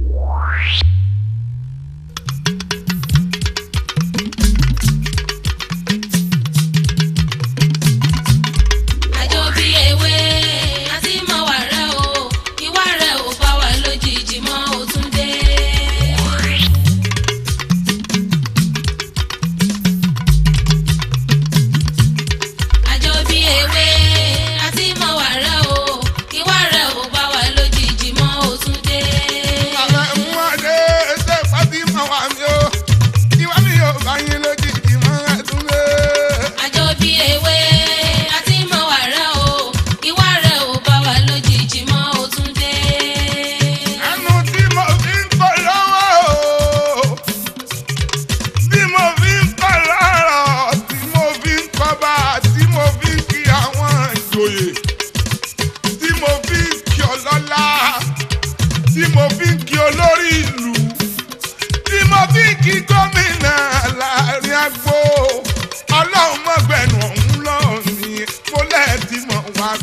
Thank you.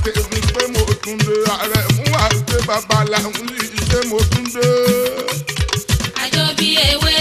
pé èmi pé mo tún dé ààrẹ mú wá pé bàbá làwọn yìí pé mo tún dé. àjọ bíi ewé.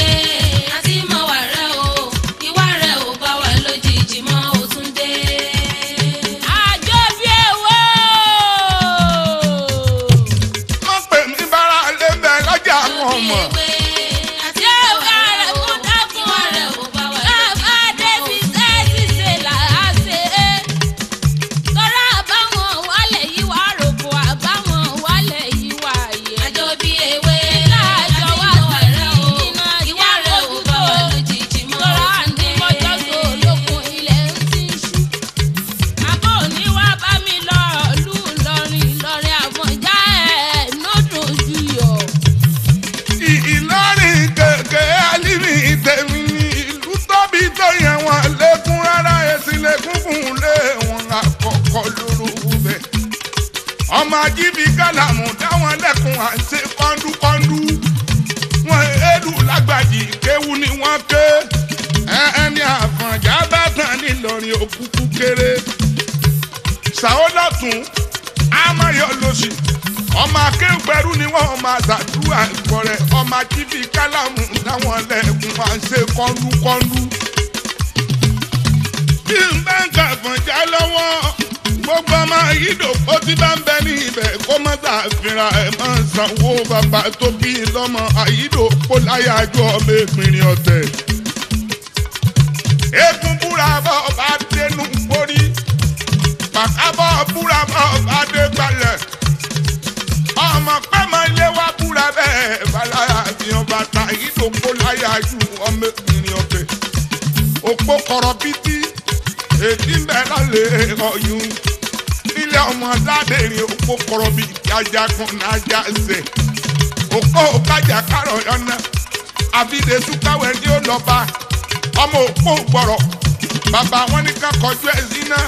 kéré sàódàtún amáyọ lọsí ọmọ akéwùgbẹrù ni wọn máa ṣàdúrà ìkọrẹ ọmọ ajíbi kálámù láwọn lẹkùn máa ń ṣe kọlùkọlù. bí n bá ń kàfọ̀njá lọ́wọ́ gbogbo ọmọ ìdòkó tí bá ń bẹ ní ibẹ̀ kó mọ́ sàfihàn ẹ̀ máa ń sanwó bàbá tó bí lọ́mọ àyídòkó láyàjọ ọmọ ìpínlẹ̀ ọ̀tẹ̀. eégún búra bọ́ ọba dénú pàṣábọ̀ búra mọ́ adégbàlẹ̀ ọmọ pẹ́ mọ ilé wa búra bẹ́ẹ̀ balaya fi hàn bàtà ìdòkó láyà ju ọmọ ènìyàn ọ̀tẹ̀ òpó kọ̀rọ̀ bítí èdè ń bẹ lálẹ́ ọ̀yún nílẹ̀ ọmọ ládẹ́rìn òpó kọ̀rọ̀ bítí ajagun n'ajà ṣe òpó òkájà kárọ̀ yọ̀nà àfidè súkáwẹ̀ ni ó lọ́ba ọmọ òpó gbọ̀rọ̀ bàbá wọn ní ká kọjú ẹ̀ e sí náà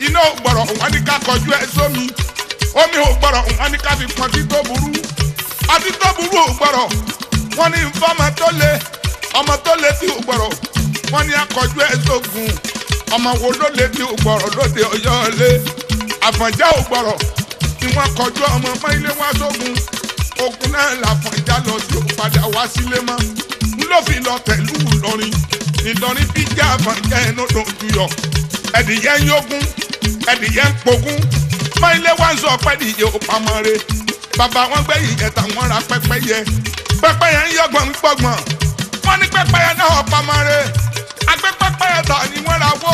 iná ò gbọ̀rọ̀ wọ́n ní kọjú ẹ sómi omi ò gbọ̀rọ̀ wọ́n ní ká fi pọn tí tó burú ọtí tó burú ò gbọ̀rọ̀ wọ́n ní nfọ́mọ tó le ọmọ tó le tí ò gbọ̀rọ̀ wọ́n ní akọjú ẹ sógun ọmọ wo ló le tí ò gbọ̀rọ̀ lóde ọyọ́ lé àfọ̀njá ò gbọ̀rọ̀ ni wọ́n kọjú ọmọ ọmọ ilé sógun ogun náà làfọ̀njá lọ sí òun wá sílé mọ́ ló fi lọ tẹ̀lú Ìlọrin Ìlọrin bí jẹ́ àfọ̀njá ẹ̀ ló dùn jù yọ ẹ̀dìyẹ yógún ẹnìyẹ ń pogún máìlé wá ń sọ pé nìyẹ ò pamọ́ re bàbá wọn gbé ìyẹn táwọn ra pẹ́pẹ́yẹ pẹ́pẹ́yẹ ń yọgbọ̀n ń gbọ̀gbọ̀n wọ́n ní pẹ́pẹ́yẹ náà ò pamọ́ re agbé pẹ́pẹ́yẹ tà ni wọ́n ra wó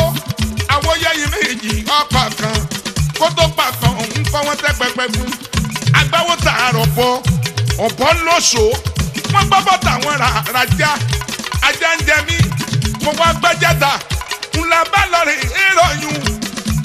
àwòyẹ yìí méjì ọkọ̀ kan kó tó pa kan òun fọ́ wọn tẹ́ pẹ́pẹ́ fún agbáwo tààrọ̀ bọ ọ̀bọ lóṣòó wọ́n gbọ́ bọ́ tàwọn ràjà ajá ń jẹ mí mo wá gbẹ́jẹ́ ta ńlá bá lọ rìn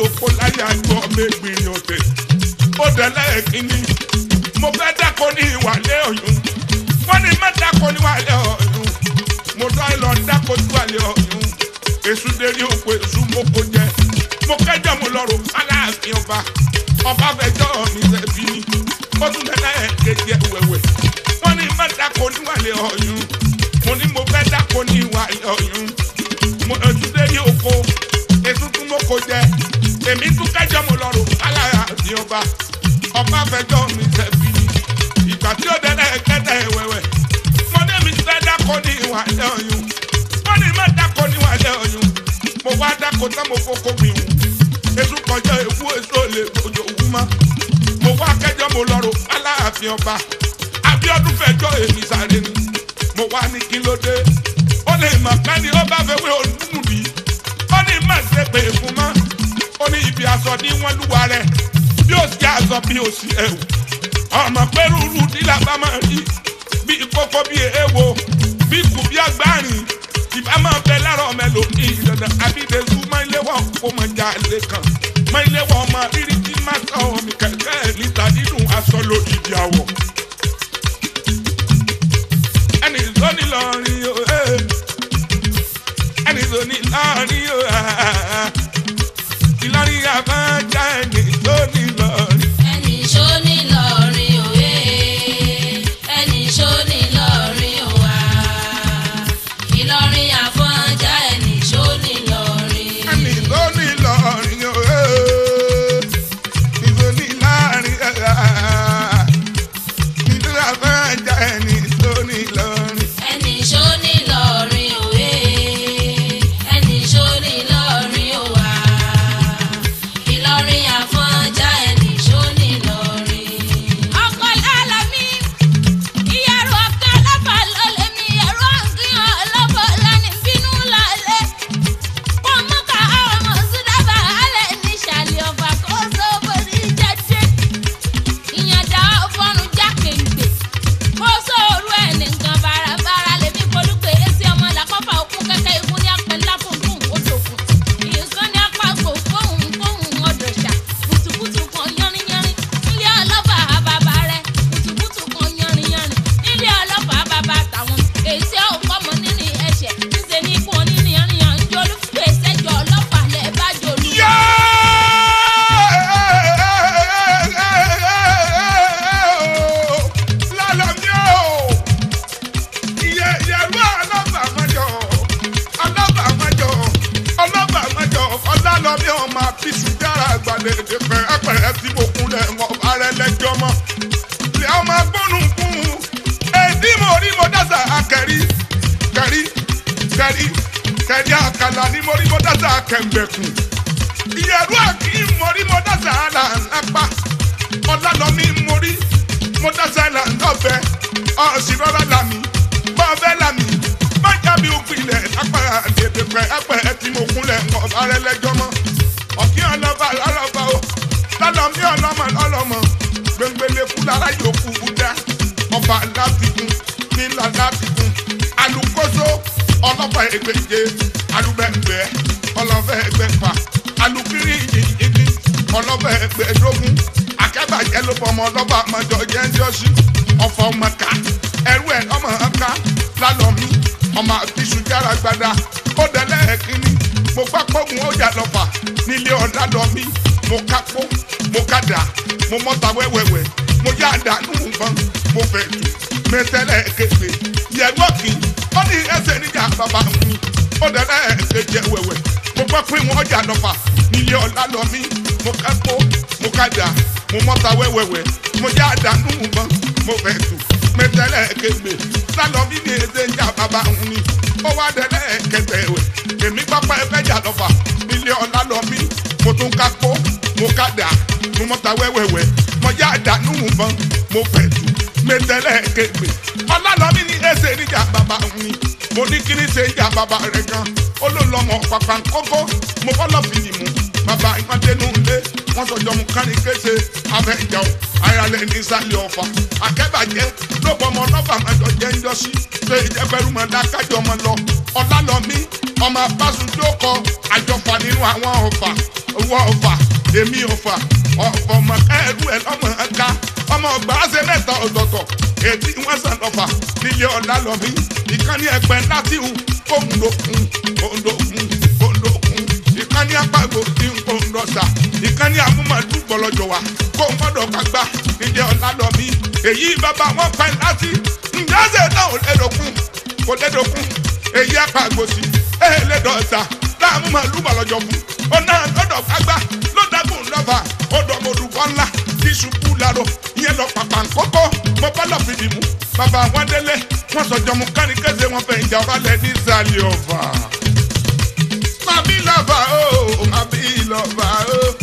lòpọ̀ láyé àjọ mẹ́gbìnrin ọ̀tẹ̀. ó dẹ̀lẹ́ ẹ̀kíní mo fẹ́ dákọ̀ ní ìwàlẹ̀ ọ̀yún wọ́n ní má dákọ̀ ní ìwàlẹ̀ ọ̀yún mo dá ìlọ dákọ̀ ní ìwàlẹ̀ ọ̀yún èṣù dé ní òkú èṣù mo kò jẹ mo kẹjọ mo lọrùn aláàfin ọba ọba fẹjọ mi ṣẹbi ni ó tún dẹ̀lẹ́ ẹ̀kejì ẹ̀wẹ̀wẹ̀ wọ́n ní má dákọ̀ ní ìwàlẹ̀ ọ̀yún mo ní mo fẹ́ dákọ̀ ní ìwàlẹ̀ ọ̀yún. èmi sún kẹjọ mo lọ rò aláya ni ọba ọba fẹjọ mi tẹ bí mi ìgbà tí ó dẹdẹ kẹtẹ wẹwẹ mọdé mi fẹ dákọ ní ìwà ẹ ọyún mọdé mi dákọ ní ìwà ẹ ọyún mo wá dákọ tán mo fọkọ mi hù èso kọjá ewu èso lè gbòjò òwú má mo wá kẹjọ mo lọ rò aláàfin ọba Abíọ́dún fẹjọ èmi sáré ni mo wá ní kí n lọ ní wọ́n lúwa rẹ̀ bí ó sì àzọ bí ó sì ẹ̀wù ọmọ pẹ̀lú rúdí làbá máa rí bí kókó bí èèwọ̀ bí kù bí agbárin ìbá máa bẹ lára ọmọ dandan abídẹ́sù máa ń léwọ́ kó máa já lé kan máa ń léwọ́ ọmọ rírí tí máa sọ omi kẹ̀kẹ́ níta nínú aṣọ lójijì àwọ̀ ẹnì tó ní lọ́rin o oh, eh. ẹnì tó ní lọ́rin o. Oh, ah, ah, ah, àbájáde lónìí. I'm sorry. kẹrí kẹrí àkàlà ní mọ́rímọ́dásà kẹ̀m̀bẹ̀kùn ìyẹ̀rú àkí mọ́rímọ́dásà làǹlápá ọ̀làlọ́mí mórí mọ́dásà làǹdọ̀fẹ́ ọ̀sìrọ́lá làmì bọ́ọ̀fẹ́ làmì májàbí òpìlẹ̀ lápá àdèdè pẹ́ẹ́pẹ́ tí mo kúnlẹ̀ ọ̀bá rẹ lẹ́jọ́ mọ́ ọ̀kí ọlọ́ba lọ́lọ́ba o lọ́lọ́mí ọlọ́mọ lọ́lọ́mọ gbẹngbẹlẹ kú lára yòókù dá ọba láfikún nílà láfikún alukoso ọlọ́pàá ẹgbẹ́ ṣe alúgbẹ̀gbẹ̀ ọlọ́fẹ́ ẹgbẹ́ pa alukiri yìnyínní ọlọ́fẹ́ ẹgbẹ́ dógún akẹ́bàjẹ́ ló fọmọ ọlọ́ba àmọ́jọ jẹ́ ń ṣọ́ṣí ọ̀fọ̀ mọ̀ká ẹrú ẹ̀ ọmọ ọ̀ká lálọ́mí ọmọ àbíṣu jára gbada ó dẹ́lẹ̀ ẹ̀kíní mo pápọ̀ mu ọjà lọ́fà nílé ọ̀dàdọ́mí mo kápó mo kádà mo mọ́ta wẹ́wẹ́wẹ́ mo yá àdánù nǹkan mo fẹ̀ tù mẹ́tẹ́lẹ̀ kéde yẹ lọ́kì ọdí ẹsẹ̀ níjà bàbá mi ọdẹ náà ẹsẹ̀ jẹ wẹ̀wẹ̀ mo gbọ́ pé wọ́n jà nọ́fà nílé ọ̀la lọ mí mo kẹ́kọ̀ọ́ mo kájà mo mọ́ta wẹ́wẹ̀wẹ̀ mo já dànù mọ́ mo fẹ́ tù mẹtẹlẹ kẹgbẹ lálọ́bí ni èdè ìjà bàbá mi ó wá dẹ́lẹ̀ kẹtẹ wẹ̀ èmi pápá ẹgbẹ́ jà lọ́fà nílé ọ̀la lọ́bí mo tún kákó mo kádà mo mọ́ta wẹ́wẹ̀wẹ̀ mo já dànù mọ́ mo fẹ́ tù mẹtẹlẹ kẹgbẹ ọlọlọmi ni ẹsẹ níjà bàbá mi mo ní kiri ṣe ìjà bàbá rẹ gan olólọmọ pàpà kókó mo fọlọ fìlì mu bàbá ìpàdénú lé wọn sọjọ mu kárí kése abẹjà o ayálẹ nísàlẹ ọfà akẹbàjẹ lóko ọmọ nọfà máa jọ jẹ ńjọsí pé ìjẹbẹrù máa dá kájọ máa lọ ọlọlọmi ọmọ abásùn tó kọ àjọfà nínú àwọn ọfà owó ọfà èmi ọfà ọ̀pọ̀ ọmọ ẹrú ẹ lọ́mọ ká ọmọ ọgbà ṣe mẹ́ta ọ̀tọ̀ọ̀tọ̀ èdè wọn sàn lọ́fà nílé ọ̀la lọ́mí ìkànnì ẹgbẹ́ láti hùn òǹdòkùn òǹdòkùn òǹdòkùn ìkànnì apágbó ti ń òǹdọ̀sà ìkànnì amúmọ̀dú gbọ̀lọ́jọ̀ wa kó mọ́dọ̀ kagbá nílé ọ̀la lọ́mí èyí bàbá wọn pẹ́ láti ǹjẹ́ ṣe náà ò lẹ́dọ̀kùn kò lẹ́dọ̀kùn èyí apágbó sí ẹ̀ẹ́lẹ́dọ̀sà láàmú dábàá ó dọ̀mọ̀ olùkọ́ ńlá kí ṣubú laro ìyẹn lọ pàpà ńkọ́kọ́ mo bá lọ fi mú bàbá wọn délé wọn sọjọ́ mu kárí kése wọn fẹ́ ìjà ọ̀rá lẹ̀ ní ìsàlẹ̀ ọ̀fà. màbí lọ́ba o màbí lọ́ba o.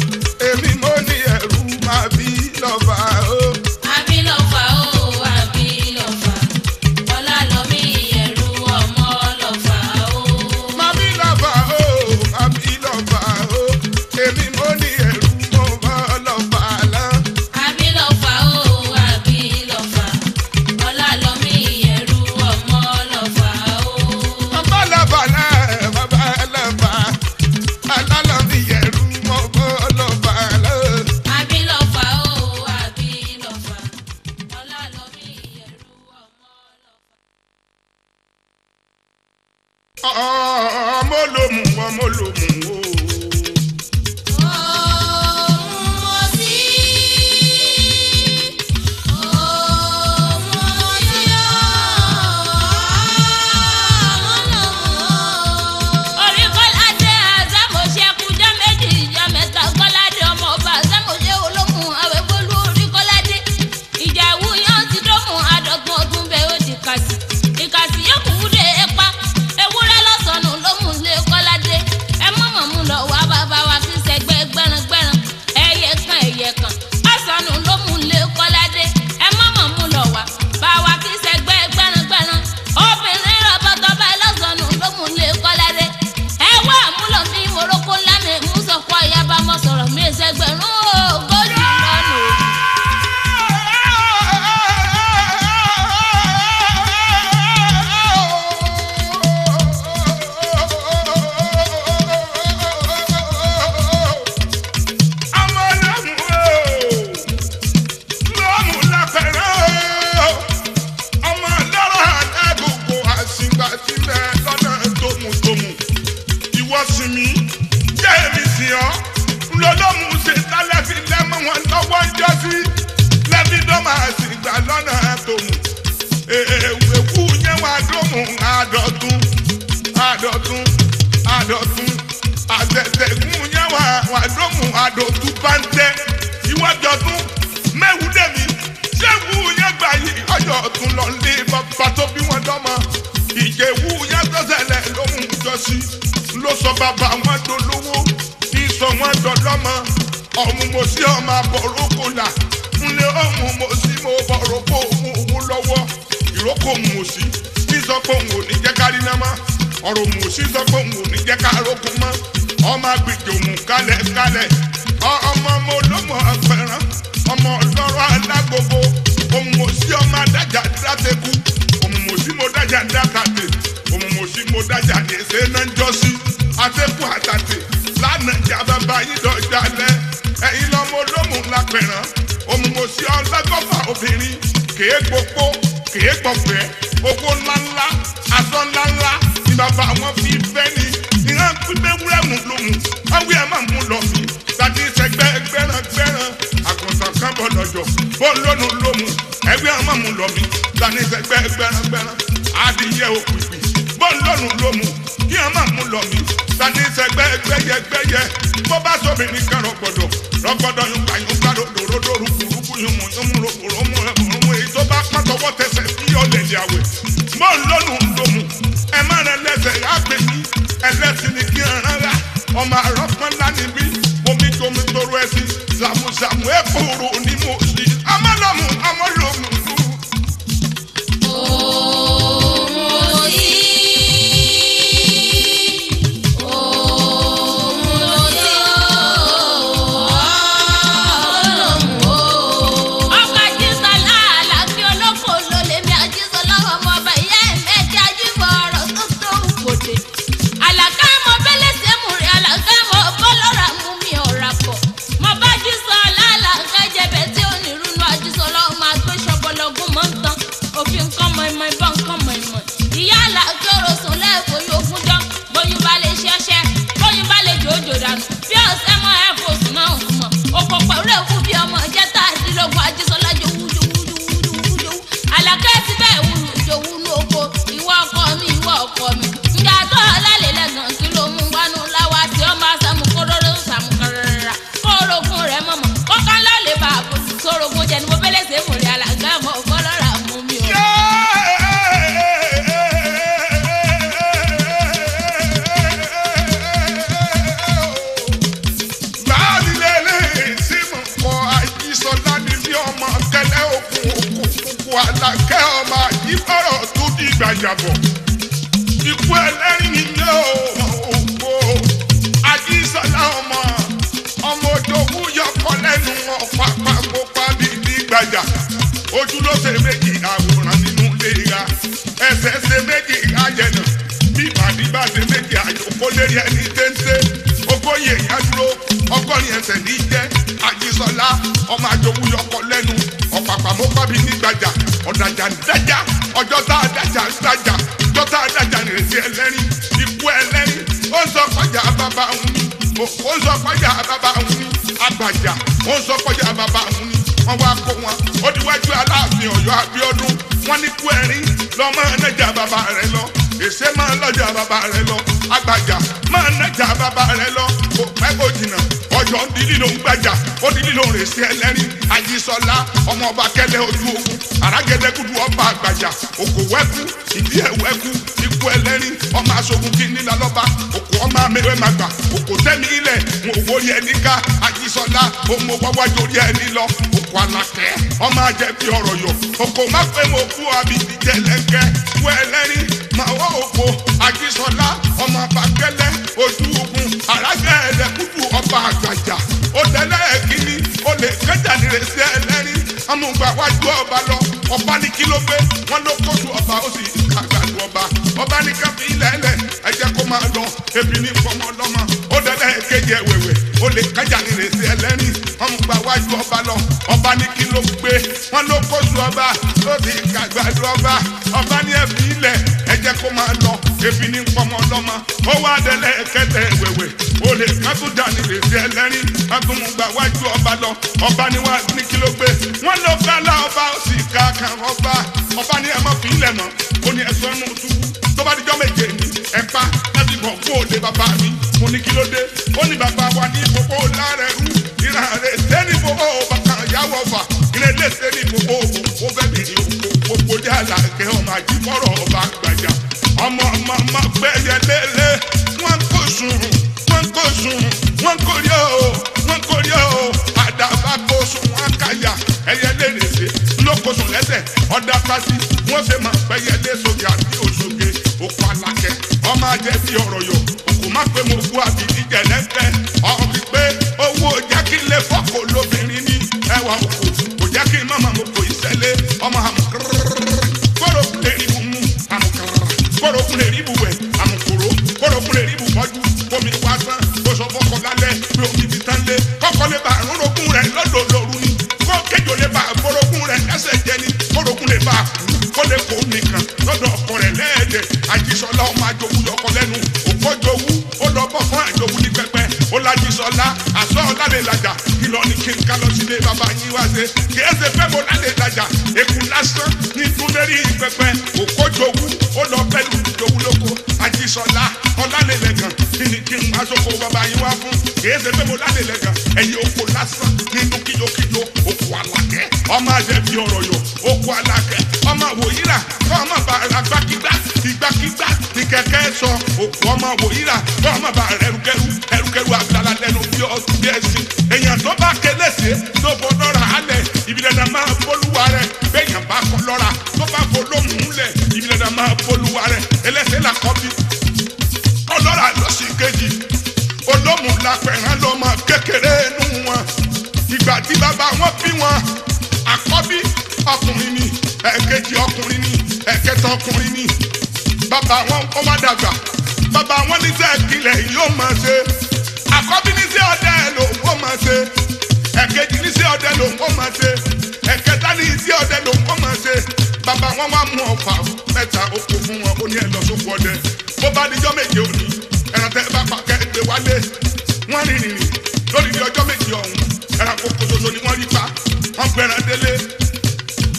ènìyàn ńlọlọ́mù ṣe tálẹ̀ fi lẹ́mọ̀ wọn lọ́wọ́ ń jọ sí lẹ́bí dọ́mà sì gbà lọ́nà tòun èèwé kú yẹn wá dómù àdọ̀tún àdọ̀tún àdọ̀tún àtẹ̀tẹ̀gún yẹn wá wá dómù àdọ̀tún pàǹtẹ́ ìwọ́jọ̀tún mẹ́wùdẹ́mi ṣéwù yẹn gbà yìí ọjọ́ ọ̀tún lọ lé bàbá tó bí wọn dọ́mọ ìjẹ̀wù yẹn tó ṣẹlẹ̀ ló jọ sí ló sọ bàbá wọn dolówó wọ́n jọ lọ́mọ ọ̀hún mo sí ọmọ àbọ̀rókò là ńlẹ̀ ọ̀hún mo sí mo bọ̀rókò òun òun lọ́wọ́ ìrókò òun ò sí sísọ pé òun ò ní jẹ́ ká rí náà mọ́ ọ̀rọ̀ òun ò sísọ pé òun ò ní jẹ́ ká rókun mọ́ ọmọ àgbèjì òun kálẹ̀ kálẹ̀ ọmọ mo ló mọ̀ ọ̀fẹ́ràn ọmọ ọlọ́rọ̀ alágbogbo òun mo sí ọmọ adájà dáteku òun mo sí mo dájà dákàtè òun mo sí mo dájà èsè náà ń pẹ̀ràn òmùgòsí ọlọ́gọ́fà obìnrin kèé gbopó kèé gbọ̀fẹ́ owó ńláńlá aṣọ ńláńlá ni bàbá wọn fi fẹ́ ni ìran pípẹ́ wúrẹ́mù lòmù ọwọ́ ẹ̀ máa mú lọ sí tàbí sẹgbẹ́ gbẹ́rangbẹ́ran àkànṣàn kan bọ̀ lọ́jọ́ bó lónú lòmù ẹgbẹ́ ẹ̀ máa mú lọ mi tàbí sẹgbẹ́ gbẹ́rangbẹ́ran adìyẹ òkùnkùn bó lónú lòmù kí ẹ̀ máa mú lọ mi sani sẹgbẹ gbẹyẹ bó bá sómi ní kẹ rọgbọdọ rọgbọdọ yunga yunga lòdòdò rúkúrúkú yumu yumu rògbòròmù ẹgbòròmù èyí tó bá pọn tọwọ́ tẹsẹ̀ sí ọlẹlẹ àwẹ mọ lónù lómù ẹ má rẹ lẹsẹ yàgbẹ ní ẹlẹsìn ní kí ẹran rà ọmọ àrọpọn lánìí bí omi tómi toro ẹsìn sàmùsàmù ẹ kúrò ni ẹni téńté ogóyè ìyádúró ọgọ́rin ẹsẹ̀ ní jẹ́ àjíṣọlá ọmọ àjòwú yọkọ lẹ́nu ọ̀pàpàmọ́ pàbí nígbàjà ọ̀dàjà ń dájà ọjọ́ tá a dájà ń dájà ọjọ́ tá a dájà nìrètí ẹlẹ́rìn ikú ẹlẹ́rìn ó ń sọ kọjá bàbá òun ni ó ń sọ kọjá bàbá òun ni àgbàjà ó ń sọ kọjá bàbá òun ni wọ́n wá kó wọn ó diwájú aláàfin ọ̀yọ́ abíọ́dún wọ́n ní kú ẹ̀rín lọ́mọ ẹ̀nẹ́jà bàbá rẹ̀ lọ èsè máa lọ́jà bàbá rẹ lọ agbájà máa nájà bàbá rẹ lọ kò pẹ́ kò jìnnà ọjọ́ dídì ló ń gbàjà ó dídì ló ń rèsí ẹlẹ́rìí àjíṣọlá ọmọ ọba kẹlẹ́ ojú ogun àràgẹ́dẹ́gùdù ọba àgbàjà òkò wẹ́kú ìdí ẹ̀ wẹ́kú ikú ẹlẹ́rìí ọmọ aṣogun kí nílá lọ́ba òkò ọmọ amẹ́wẹ́ máa gbà òkò tẹ́mi ilẹ̀ wọn ò wọlé ẹni ká àjíṣọlá ọmọ wáwá jórí ẹni lọ òkò àlàkẹ́ ọmọ ajẹ́ fi ọ̀rọ̀ yọ òkò má fẹ́ mọ̀ fún àbí ìdíjẹ́ lẹ́kẹ́ wọ ẹlẹ́rìí àmàwọ́ òfo àjíṣọlá ọmọ àbákẹ́lẹ́ ojú ogun àràgbẹ́ ẹlẹ́kùtù ọba àgbàjà ó tẹ́lẹ̀ kínní ó lè kẹ́jà nírèsí ẹlẹ́rìí amúgbàwájú ọba lọ ọba ní kí ló gbé wọn ló kọjú ọba ó sì kàgbàdo ọba ọba ní káfí ilẹ̀ẹ́lẹ̀ ẹ jẹ́ kó máa lọ ebi ní fọmọ ọlọ́mọ ó tẹ́lẹ̀ kéje wẹ̀wẹ̀ ó lè kẹ́jà nírèsí ẹlẹ́rìí amúgbàwájú ọba lọ ọba ní kí ló gbé wọn ló kọjú ọba ó sì kàgbàdo ọba ọba ní ẹbí ilẹ̀ kó máa lọ ebi ní pọmọ lọ́mọ ó wá délé kẹtẹ wẹ̀wẹ̀ olè mágúdà ní lèzi ẹlẹ́rìn mágúnmùgbà wájú ọba lọ ọba ni wá ní kí ló gbé wọ́n lọ gbálá ọba ó sì ká kan ọba ọba ni ẹ mọ̀ fi ilẹ̀ mọ́ ó ní ẹ̀sọ́ nù túbú tó bá dijọ́ méje ní ẹ̀pá láti bọ̀ kó o lè bàbá mi mo ní kí ló dé ó ní bàbá wa ní gbogbo lára ẹ̀rú ìran rẹ̀ sẹ́ni gbogbo bàtà ìyàwó ọ̀fà ilé ilé sẹ́ni gbogbo òfò ó fẹ́ bèrè òfò gbogbo dé fásí wọ́n ṣe máa pẹ́ yẹlé sókè àti òṣogbe òkú alákẹ́ ọmọ ajẹ́ sí ọ̀rọ̀ yọ òkú má pé mo kú àti ìdíjẹ lẹ́ tọkùnrin ni bàbá wọn ó má dàgbà bàbá wọn níṣẹ́ ìpìlẹ̀ yóò máa ṣe àkọ́bí níṣẹ́ ọdẹ lòun ó máa ṣe ẹ̀kejì níṣẹ́ ọdẹ lòun ó máa ṣe ẹ̀kẹta níṣẹ́ ọdẹ lòun ó máa ṣe bàbá wọn wá mú ọfà mẹ́ta oko fún wọn ó ní ẹ lọ sóko ọdẹ bó bá níjọ́ méje òní ẹran bá pa kẹ́ wálé wọ́n rìn rìn lórí ní ọjọ́ méje ọ̀hún ẹran kókó ṣoṣo ni wọ́n rí pa wọ́n gbẹran délé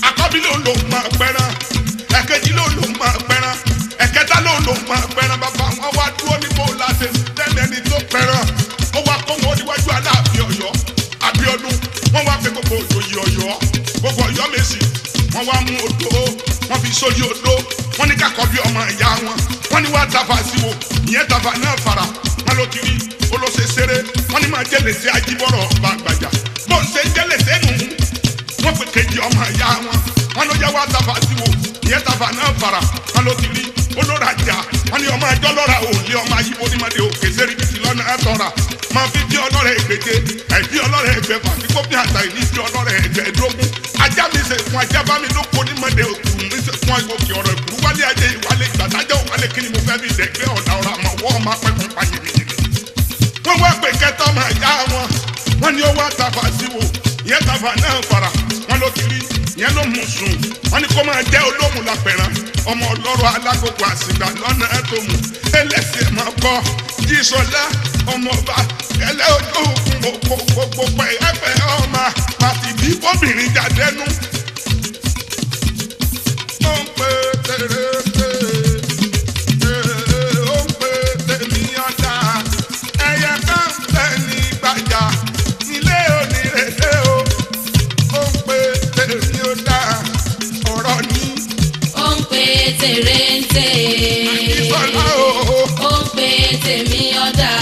àkọ́bí lòun lòun máa gbẹran. wọ́n wá mú odò wọ́n fi sórí odò wọ́n ní kakọ́bí ọmọ ìyá wọn wọ́n ní wàá dàbà sí wo ìyẹn dàbà náà fara wọ́n ló kiri olóṣè ṣeré wọ́n ní máa jẹ́lẹ̀sẹ̀ ajíbọ̀rọ̀ ọba àgbàjà bó ń ṣe jẹ́lẹ̀sẹ̀ nù wọ́n pè kejì ọmọ ìyá wọn wọ́n ló yẹ wàá dàbà sí wo ìyẹn dàbà náà fara wọ́n ló kiri olórajà wọ́n ní ọmọ ẹjọ́ lọ́ra òòlì ọmọ ayíbo ní mọ́lẹ̀ òkè sẹ́ríkìtì lọ́nà àtọ́ra máa fi bí ọlọ́rẹ̀ ẹgbẹ̀je àìbí ọlọ́rẹ̀ ẹgbẹ̀ fàtíkọ́bí àtàìní bí ọlọ́rẹ̀ ẹgbẹ̀ ẹ̀dógún ajá mi ṣe fún ajá bá mi lóko ní mọ̀dé òtún mi ṣe fún agòkè ọ̀rọ̀ ìkúrú wálé ajé ìwálé gbàdájọ́ ìwálé kí ni mo fẹ́ mi ṣe gbé ọ̀dà ọ̀rọ̀ àmọ́ wọ́n máa pẹ́ fún pàṣẹ mi yìí. wọ́n wá pé kẹta máa yá wọn wọ́n ní ó wá sí wo ìyẹn tàfà náà fara wọ́n ló kiri ìyẹn ló mú sùn wọ́n ní kó máa jẹ́ olómù lápẹ̀rán ọmọ ọlọ́rọ̀ alágbogbo àsìgbà lọ́nà tó mú ẹlẹ́sìn máa kọ́ jísọlá ọmọ ọba ojú òkun òkòkò pẹ̀ ẹ̀fẹ̀ fàtìdí fóbìnrin jàdẹ́nu. ó ń pè tèrè pè tèrè ó o ó ń pè tèmi ọ̀dà ọ̀rọ̀ ni. ó ń pè tèrè ń tè. àkísọ́lá ó ń pè tèmi ọ̀dà.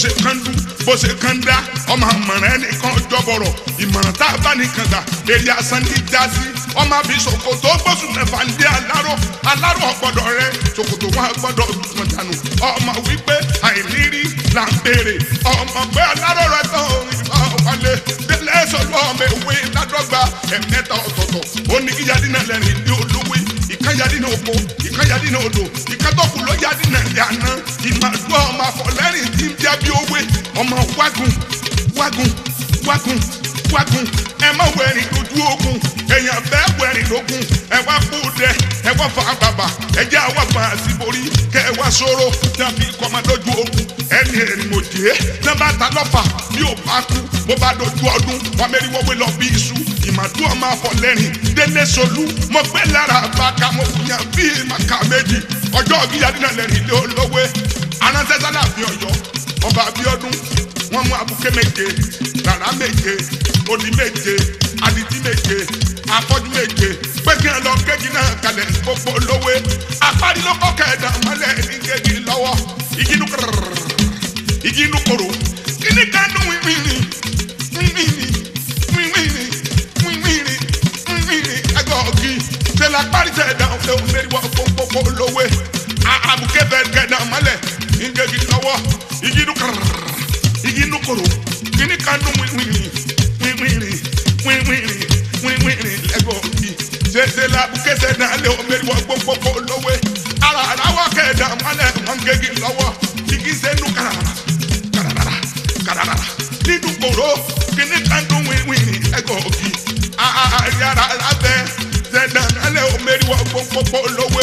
ṣe kandu, dún bó ṣe kán dá ọmọ àmọ̀ràn ẹnìkan jọ̀bọ̀rọ̀ ìmọ̀ràn tá a bá nìkan dà lèrè asán ní jásí ọmọ àbí ṣòkòtò gbóṣù mẹ́fà ń dé aláró aláró ọ̀gbọ́dọ̀ rẹ ṣòkòtò wọn gbọ́dọ̀ tún dànù ọmọ wípé àìnírí là ń béèrè ọmọ pé aláró rẹ tán ìbá wálé délé sọlọ ọmọ ìwé ládọ́gba ẹ̀mẹ́ta ó ní kíyadínà lẹ́rìn ní olú ìkan yadi ní oko ìkan yadi ní odò ìkan tó kù ló yadi nàìjíríà náà ìmàdúrà ọmọ afọlẹ́rìn tí ń jẹ́ bí owó ọmọ wágùn wágùn wágùn wágun ẹ má wẹ̀rìn dojú ogun èèyàn fẹ́ wẹ̀rìn lógun ẹ wá kú dẹ ẹ wá fa bàbà ẹ jẹ́ àwọn àgbà àti borí kẹ ẹ wá ṣòro tàbí kọ́mọdójú ogun ẹni èrè mo jẹ́ nàbà ta lọ́fà bí ó bá kú mo bá dojú ọdún wọn mẹ́rin wọ́wé lọ bí iṣu ìmàdú ọmọ afọlẹ́rìn délé solú mo gbé lára àbáka mo fìyàn bí màkà méjì ọjọ́ ìgbìyànjú náà lẹ́rìn lé olówó aránsẹ́sálà fi ọ̀yọ́ ọba Abíọ́dún wọ́n mú abuké méje rárá méje odi méje Aditi méje afọ́jú méje pé kí n lọ kéjì náà kalẹ̀ gbogbo lówé apárí ló kọ́ kẹ̀dá mọ́lẹ̀ ní kéjì lọ́wọ́ igi inú kòrò igi inú kòrò kí ni ká nù wíwìrì wíwìrì wíwìrì wíwìrì wíwìrì ẹgbẹ́ ọ̀gì tẹ̀lé apárí tẹ̀dá ọ̀fẹ́ òmẹ́rìwọ̀ gbogbo lówé abuké bẹ̀rẹ̀ kẹ̀dá mọ́lẹ̀ ní kéjì lọ́wọ́ igi inú kòrò inú kòrò kíní kan dún wíwìrì wíwìrì wíwìrì wíwìrì lẹ́gbọ̀n mi ṣẹṣẹ làbùkẹ́sẹ̀ náà lé omi wọ gbogbo lówó ara aráwọ̀ kẹ̀dá mọ́lẹ̀ mọ́ngẹ́gì lọ́wọ́ igi sẹ́nu kàràrà kàràrà kàràrà nínú kòrò kíní kan dún wíwìrì lẹ́gbọ̀n mi àyàrá lábẹ́ ṣẹ̀dá náà lé omi wọ gbogbo lówó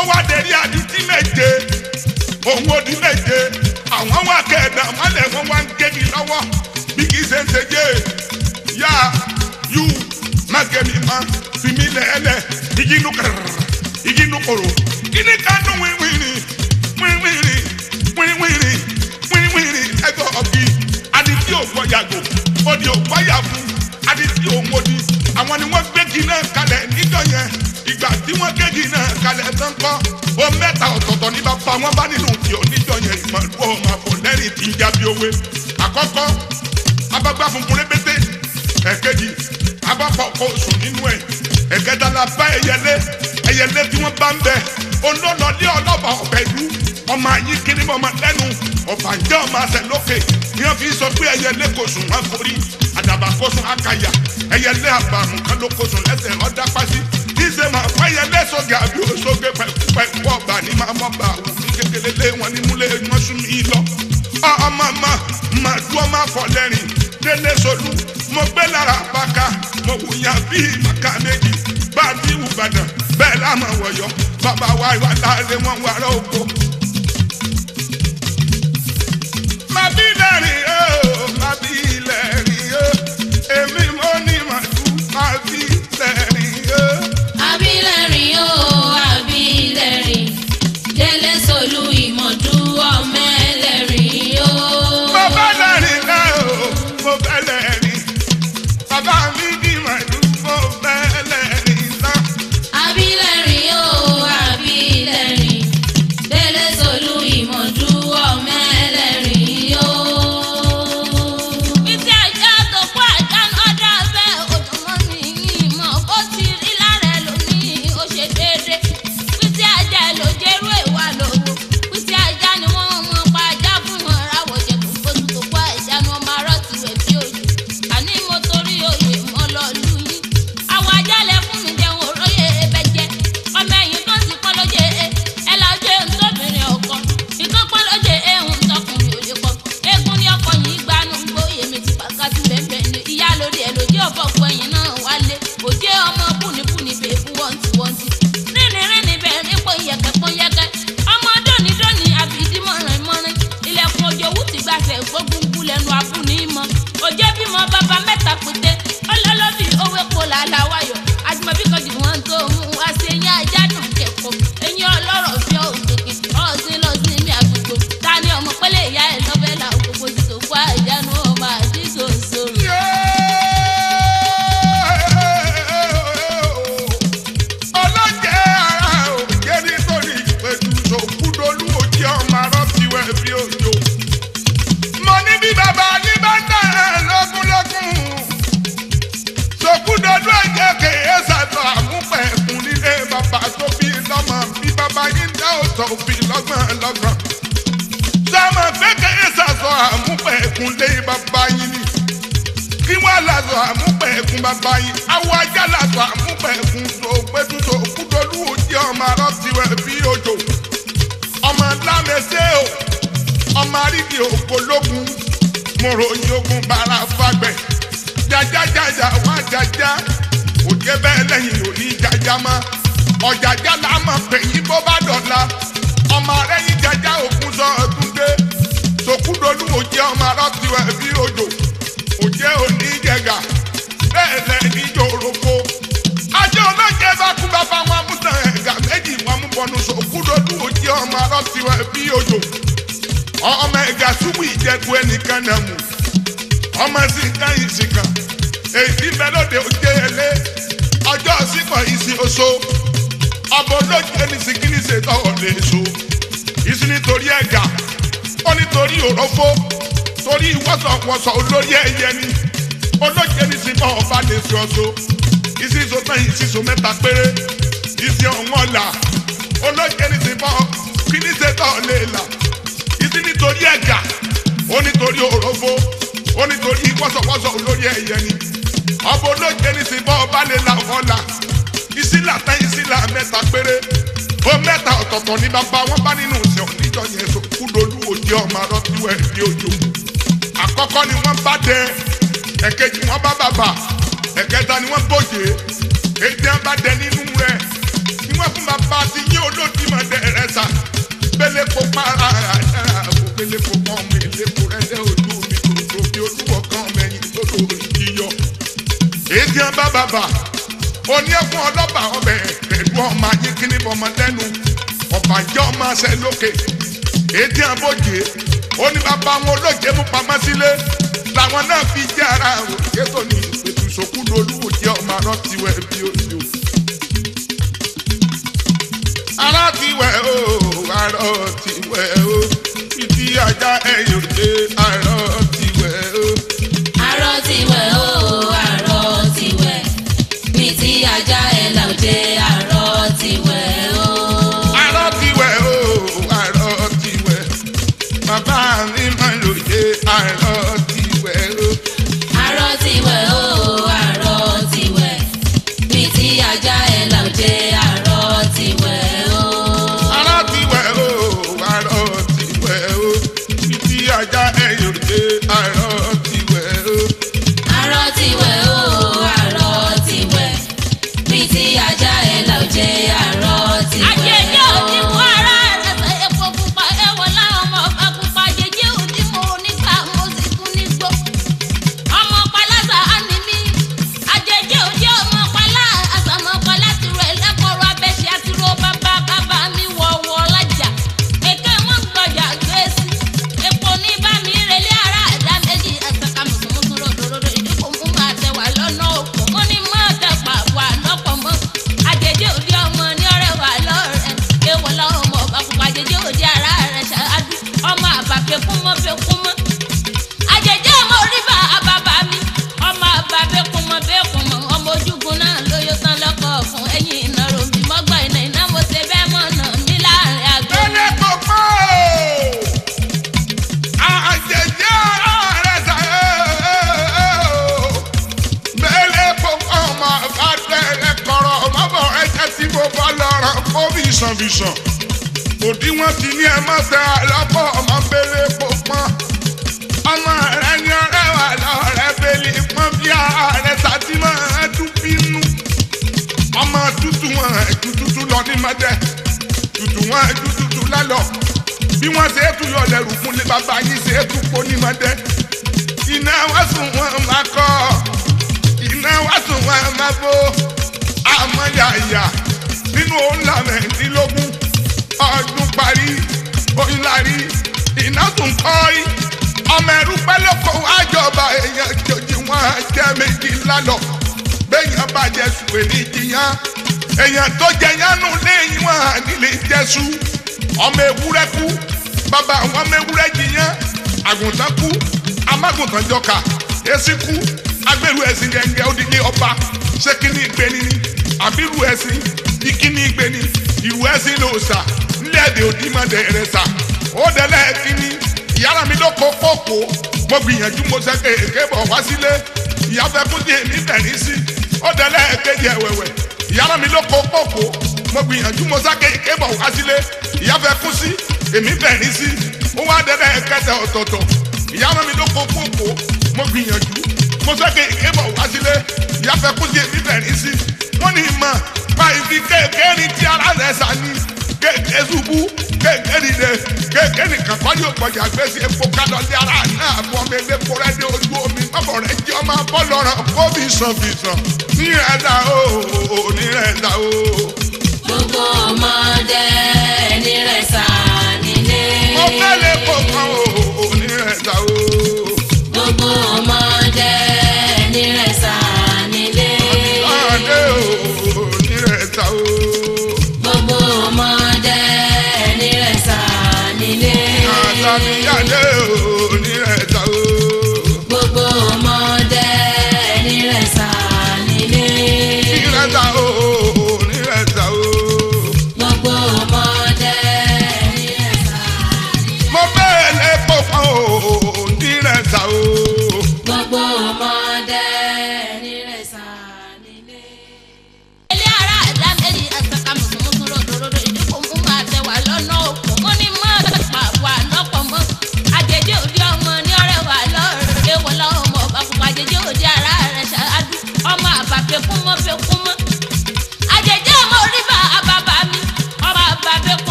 ọwọ́ adẹ̀rí àdìsí méje òun ò dín méje ẹ̀dá mọ́lẹ̀ wọn wá ń gé mi lọ́wọ́ bí kì í ṣe ń ṣe yé yá yú má gé mi má fi mí lẹ́ẹ̀lẹ̀ igi inú kẹrẹ igi inú kòrò kí ni ká nù wíwìrì wíwìrì wíwìrì wíwìrì ẹgbẹ́ ọ̀gbìn adìsí ògbọ́yàgò òdì ògbọ́yà fún adisi omodi àwọn ni wọ́n gbégi náà kalẹ̀ níjọ́ yẹn ìgbà tí wọ́n gbégi náà kalẹ̀ tán kọ́ ó mẹ́ta ọ̀tọ̀ọ̀tọ̀ ní bàbá wọn bá nínú kí oníjọ́ yẹn ìmọ̀lú ọmọ àfọlẹ́rìn ti ń jábí òwe àkọ́kọ́ abágbá funfun rébété ẹ̀kejì abáfọ̀ kò sùn nínú ẹ̀ ẹ̀kẹta la bá ẹyẹlé ẹyẹlé tí wọ́n bá ń bẹ olólọ́lé ọlọ́bàá ọ̀bẹ ìlú ọmọ ayé kiri bọ́ ọmọ lẹ́nu ọ̀bànjẹ́ ọmọ àṣẹ lókè ni wọ́n fi sọ pé ẹyẹlé kò sùn wọn forí àdàbà kò sùn akaya ẹyẹlé àbàmù kan ló kò sùn lẹ́sẹ̀ ọ̀dá pàṣẹ ìṣe máa fọ ẹyẹlé sóge àbí òṣogbe pẹ̀lú ọba ní máa mọ́ bá àwọn ní kékeré lé wọn ní múlẹ̀ wọn sún mí lọ. ọmọ ma ma dúró máa fọ délé solú mo gbé lára àbáka mo wùyàn bíi màkà méjì bá a ti wù bàdàn bẹ́ẹ̀ láàmú Abilẹ̀rìn o, ọmọ alọ́tiwa bí òjò ọmọ ẹ̀gà súnmù ìjẹ́kù ẹnìkan náà mú ọmọ sí káyìn sìkà èyí mẹ́lódé òjé ẹlé ọjọ́ sípọ̀ ìsìn oṣó ọmọ olójú ẹni sì kí ni ṣètò ọ̀lẹ́ èso ìsìn nítorí ẹ̀gà ó nítorí òrófó torí wọ́sọ̀wọ́sọ̀ olórí ẹ̀yẹ ni olójú ẹni sì bọ̀ ọba lè fi ọṣó ìsìn ìṣòtàn ìṣìṣò mẹ́ta péré ìsìn ọ̀wọ́n ọ̀la olójú ẹni sì kí ní sẹ́tà ò lè là ìdí nítorí ẹ̀gà ó nítorí òrófó ó nítorí wọ́sọ̀wọ́sọ̀ olórí ẹ̀yẹ ni ọba olóye ní sìnbọn ọba lè là ọ̀la ìsílà tán ìsílà mẹ́ta péré ó mẹ́ta ọ̀tọ̀ọ̀tọ̀ ní bàbá wọn bá nínú ìṣẹ̀ oníjọ yẹn tó kú lolú òjì ọmọ arọ́jú ẹ̀ ní ojú àkọ́kọ́ ni wọ́n bá dẹ ẹ̀kejì wọ́n bá bàbà ẹ̀kẹta ni wọ́n bòjé èdè wọn bá dẹ nínú rẹ̀ ni wọ́n fún bàbá ti yé olódìmọ̀dẹ rẹ̀ sà gbélé kó para àdára kó gbélé kó kàn mí lẹ́kọ̀ọ́ rẹ́lẹ́ olú mi tòótò bí olúwọ kan mẹ́yìn tó lórí yíyọ. èdè ń bá ẹkún ọlọ́ba ọbẹ̀ pẹ̀lú ọmọ ayé kíní bọmọ lẹ́nu ọ̀bàjẹ́ ọmọ aṣẹ lókè èdè ń oní bàbá wọn olóje mú pamọ́ sílé làwọn náà fi jẹ́ ara òkè tó ní ètò ìṣòkú lolúwo jẹ́ ọmọ aràn tiwẹ̀ bí ó ti o. ara tiwẹ̀ ooo àárọ̀ tiwẹ̀ o ìdí ajá ẹ̀yìn òde àárọ̀ tiwẹ̀. wọn ju tútù lọ ní mọ́tẹ́ tútù wọn ju tútù lálọ́ bí wọ́n ṣe é tuyọ̀ lẹ́rù fún lé bàbá yín ṣe é tún kó ní mọ́tẹ́ iná wá sùn wọn máa kọ́ iná wá sùn wọn máa bó àmọ́ yàyà nínú òǹlà mẹ́rìndínlógún ọdún parí oyin iná sùn kọ́ yìí ọmọ ẹrú pẹ́lọ́kọ̀ àjọba èèyàn jòjì wọn jẹ́ méjì lálọ́ gbẹ̀yìn bàjẹ́ sùwèé ní jiyàn èèyàn tó jẹ yánú lẹ́yìn wọn àdìlẹ jẹsù ọmọ ewúrẹ́ kú bàbá àwọn ọmọ ewúrẹ́ jiyàn àgùntàn kú amágùntàn jọkà èsì kú agbèrú ẹ̀sìn gẹ́gẹ́ odidi ọba ṣé kí ni ìgbéni ni àbírú ẹ̀sìn ni kí ni ìgbéni ìrù ẹ̀sìn ló sà nílẹ̀ èdè òdìmọ̀dé rẹ̀ sà ó dẹ́lẹ̀ kí ni ìyára mi ló kó kókó mo gbìyànjú mo ṣe kéèké bọ̀ wá sílé ìyá fẹ́ kú sí ó dẹ́lẹ̀ kejì ẹ̀wẹ̀wẹ̀ ìyára mi ló kó pòpò mo gbìyànjú mo sá kéèké bọ̀ wá sílé ìyá fẹ́ kú sí èmi bẹ̀rín sí ó wá dẹ́dẹ́ kẹsẹ̀ ọ̀tọ̀ọ̀tọ̀ ìyára mi ló kó pòpò mo gbìyànjú mo sá kéèké wá sílé ìyá fẹ́ kú sí èmi bẹ̀rín sí wọ́n ní ìmọ̀ pa ìfi kéèké ní ti ara rẹ̀ sá gẹ́gẹ́ ṣubú gẹ́gẹ́ dìde gẹ́gẹ́ nìkan kọ́ ní ògbọ̀jà gbé ara náà mú ọmọ ilé kúrẹ́ ní ojú omi bọ́bọ̀ rẹ̀ jẹ́ ọmọ bọ́ọ̀lù ọ̀rọ̀ kó fi sàn fi sàn nírẹ̀dá o nírẹ̀dá o. gbogbo ọmọdé nírẹ̀sà nílé. mo fẹ́ lè kó kan o nírẹ̀dá o. gbogbo ọmọdé nírẹ̀sà.